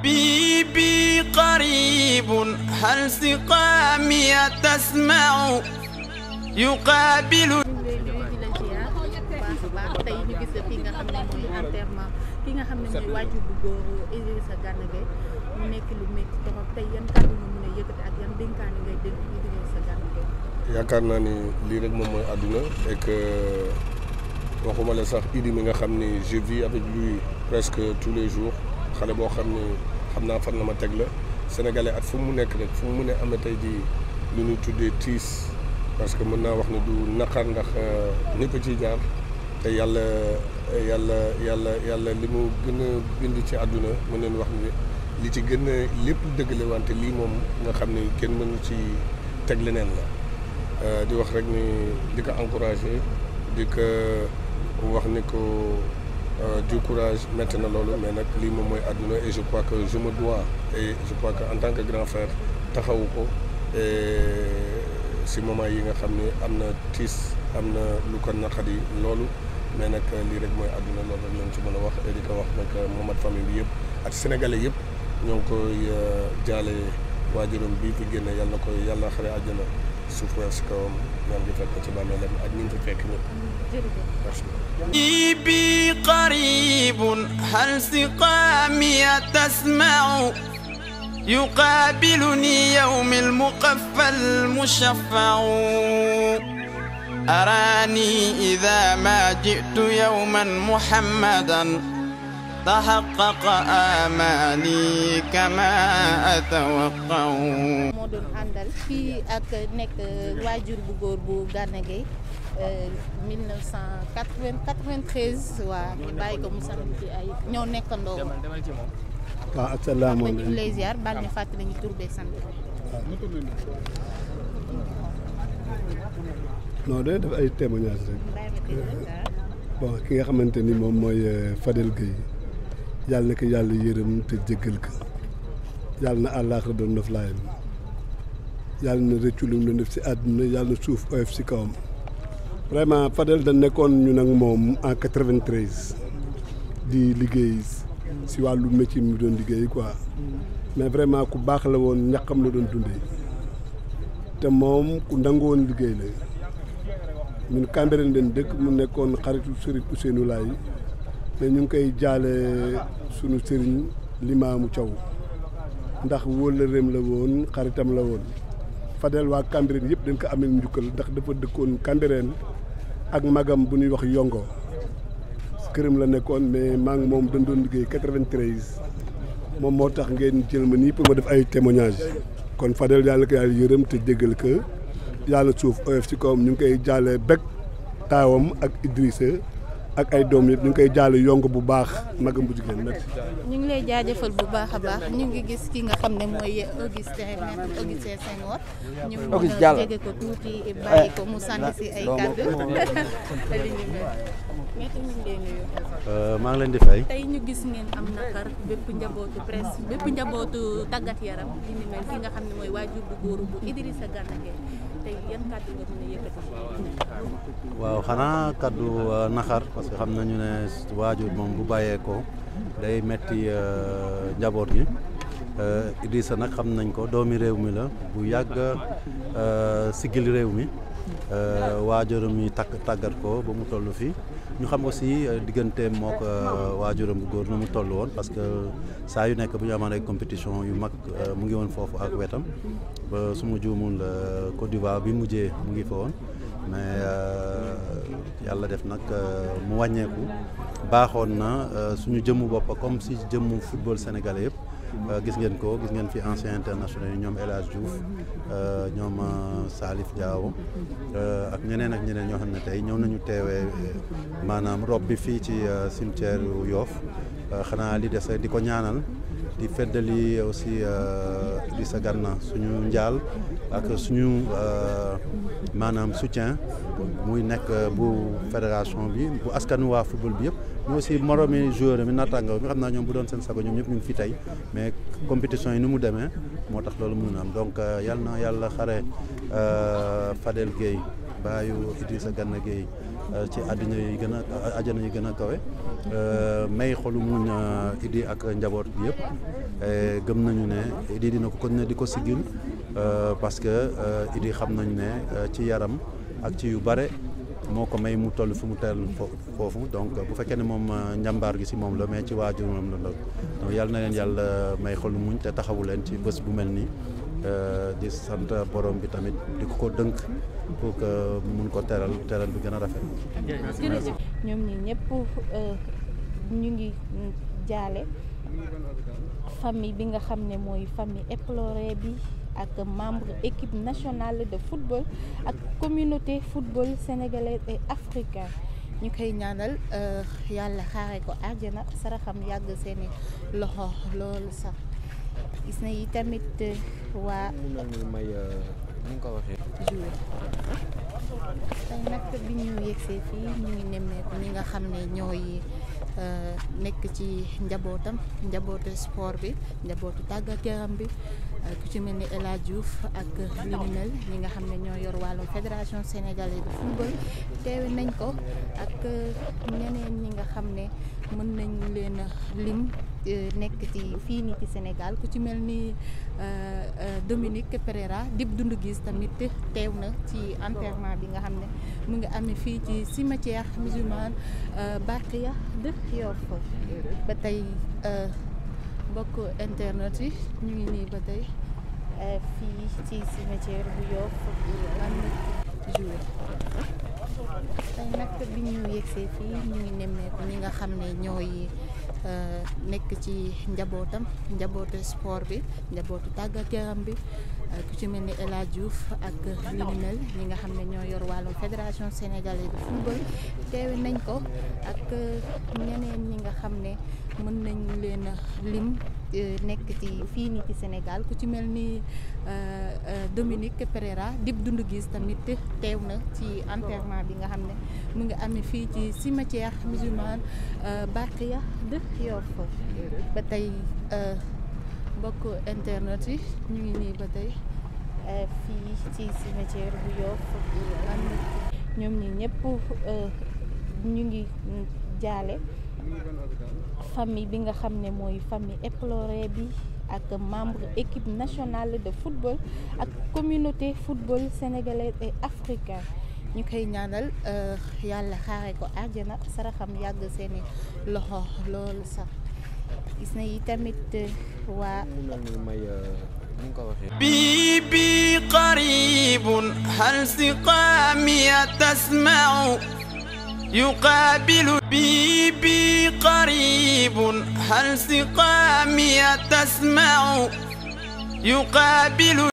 حبيبي قريب هل سقامي تسمع يقابل tey ñu gis la xam ne muy enterrement ki nga xam ne mooy waajur bu naa ni lii rek moom mooy àdduna et que waxuma la sax Idi mi nga xam ni je vis avec lui presque tous les jours xale boo xam ni xam naa fan la ma teg la sénégalais at fu mu nekk rek fu mu ne na tey jii lu ñuy tuddee tiis parce que mën naa wax ne du naqar ndax euh, ñëpp ciy jaar te yàlla yàlla yàlla yàlla li mu gën a ci àdduna mën nañu wax ni li ci gën lépp dëgg wante lii moom nga xam ni kenn mënu ci teg leneen la euh, di wax rek ni di ko encouragé di ko wax ni ko Euh, du courage metti na loolu mais nag lii moom mooy àdduna et je crois que je me dois et je crois que en tant que grand frère taxawu ko si moment yi nga xam ne am na tiis am na lu ko naqari loolu mais nag lii rek mooy àdduna loolu rek lañ ci mën a wax et di ko wax nag Momat famille bi yëpp ak sénégalais yëpp ñoo ngi koy euh, jaale waajuram bii fi génne yàlla na koy yàlla xare àjjana souffrance kawam ñaan di fekk ci bàmmeelam ak ñi fi fekk ñëpp merci ibi qarib hal siqamiya tasma'u yuqabiluni yawm al-muqaffa al-mushaffa'u أراني إذا ما جئت يوما محمدا تحقق آماني كما أتوقع moo doon àndal fii ak nekk waajur bu góor bu Gana Gueye 1993 euh, waaw ñu bàyyi ko mu sant ci ay ñoo nekkandoo waaw asalaamaaleykum ñu lay ziar baal ñu fàttali ñu tur beeg sant non day def ah. ki nga xamante ni moom mooy euh, Fadel Gueye yàlla na ko yàlla yërëm te jéggal ko yàlla na àllaaxira doon def laayam yàlla na rëccu lu mu doon def si àdduna yàlla na suuf oyof si kawam vraiment Fadel da nekkoon ñu nag moom en 93 di liggéey si wàllu métier mu doon liggéey quoi mais vraiment ku baax la woon ñaqam la doon dundee te moom ku nangu woon liggéey la ñun Cambérène leen dëkk mu nekkoon xaritu Serigne Ousseynou Laye te ñu ngi koy jaale sunu sëriñ Limaamu Thiaw ndax wóllëreem la woon xaritam la woon Fadel waa Cambérène yëpp dañ ko ameel njukkal ndax dafa dëkkoon Cambérène ak magam bu ñuy wax Yongo këram la nekkoon mais maa ngi moom dañ doon liggéey 93 moom moo tax ngeen jël ma nii pour ma def ay témoignage kon Fadel yàlla ko yàlla yërëm te jéggal ko yàlla suuf oyof ci kawam ñu ngi koy jaalee bekk taawam ak Idrissa ak ay doom yëpp ñu ngi koy jaale yonk bu baax nagam bu jigéen merci. ñu ngi lay jaajëfal bu baax a baax ñu ngi gis ki nga xam ne mooy Augustin maître Augustin Senghor. ñu mën a jege ko tuuti bàyyi ko mu sànni si ay kàddu. Euh, maa ngi leen di tey ñu gis ngeen am naqar bépp njabootu presse bépp njabootu tàggat yaram di ki nga xam ne mooy waajur bu góoru bu Idrissa Gana Gueye waaw xanaa kàddu euh, naxar parce que xam nañu ne waajur moom bu bàyyeekoo day metti euh, njaboot gi. Euh, Idrissa nag xam nañ ko doomi réew mi la bu yàgg sigil réew mi waajuram yi takk tàggat ko ba mu toll fii ñu xam aussi euh, digganteem moo ko euh, waajuram bu góor na mu toll woon parce que saa yu nekk bu ñu amaan ay compétition yu mag euh, mu ngi woon foofu ak wetam ba su ma juumul Côte d'Ivoire bi mujjee mu ngi fa woon mais yàlla def nag mu wàññeeku baaxoon na suñu jëmmu bopp comme si jëmm football sénégalais yëpp Euh, gis ngeen ko gis ngeen fi anciens internationaux yi ñoom El Hadj Diouf euh, ñoom euh, Salif Diao ak ñeneen ak ñeneen ñoo xam ne tey ñëw nañu teewee maanaam rob bi fii ci cimetière yu yoof xanaa li des di ko ñaanal di feddali aussi euh, di sagarna suñu njaal ak suñu euh, maanaam soutien muy nekk bu fédération bi bu askanu waa football bi yëpp mais aussi moromi joueur mi naataango bi xam naa ñoom bu doon seen sago ñoom ñëpp ñu ngi fi tey mais compétition yi ni mu demee moo tax loolu mën na am donc euh, yàlla na yàlla xare Fadel Gueye baayu sa Gana Gueye Euh, ci àddina yi gën a àjjana yi gën a kawe euh, may xolu muñ euh, Idi ak njaboot bi yëpp gëm nañu ne Idi dina ko continuer di ko siggil parce que Idi xam nañu ne ci yaram ak ci yu bare moo ko may mu toll fi mu teel foofu donc bu fekkee ne moom njàmbaar gi si moom la mais ci waajuram la donc yàlla na leen yàlla may xolu muñ te taxawu leen ci bés bu mel nii Euh, di sant borom bi tamit di ko ko dënk pour que mun ko teral teral bi gën a rafet. ñoom ñi ñëpp euh, ñu ngi jaale famille bi nga xam ne mooy famille éplorée bi ak membre équipe nationale de football ak communauté football sénégalaise et africain ñu koy ñaanal euh, yàlla xaare ko àjjana saraxam yàgg seeni loxo loolu sax. gis na yi tamit waa. may ni nga ko waxee. joué bi ñu yegsee fii ñu ngi nemmeeku ñi nga xam ne ñooy nekk ci njabootam njabootu sport bi njabootu tàggat bi. ku ci mel ni El Hadj ak lu ñi nga xam ne ñoo yor wàllum fédération sénégalaise de football teewe nañ ko ak ñeneen ñi nga xam ne mën nañ leen lim eh, nekk ci fii nii ci Sénégal ku ci mel ni eh, eh, Dominique Pereira Dip Doundou Guiss tamit teew na ci enterrement bi nga xam ne mu ngi amee fii ci cimetière musulman Bakhiya de Yoff ba tey. mbokk internet yi ñu ngi nii ba tey eh, fii ci cimetière bu Yoff am jour tey nag bi ñu yegsee fii ñu ngi nemmeeku ñi nga xam ne ñooy Euh, nekk ci njabootam njabootu sport bi njabootu tàggat bi euh, ku ci mel ni El Hadj ak lu ñi nga xam ne ñoo yor wàllum fédération sénégalaise de football teewe nañ ko ak euh, ñeneen ñi nga xam ne mën nañ leen lim nekk ci fii nii ci Sénégal ku ci mel nii Dominique Pereira Dip Doundou Guiss tamit teew na ci enterrement bi nga xam ne mu ngi amee fii ci cimetière musulman euh, Barkiya de Yoff ba tey euh, bokk internet yi ñu ngi nii ba tey euh, fii ci cimetière bu Yoff am ñoom ñi ñëpp ñu ngi jaale famille bi nga xam ne mooy famille éplorée bi ak membre équipe nationale de football ak communauté football sénégalaise et africain ñu koy ñaanal euh, yàlla xaare ko àjjana saraxam yàgg seeni loxo loolu sax gis na yi tamit euh, waa bibi euh, qaribun hal siqaamiya tasmau يقابل بيبي قريب هل سقامي تسمع يقابل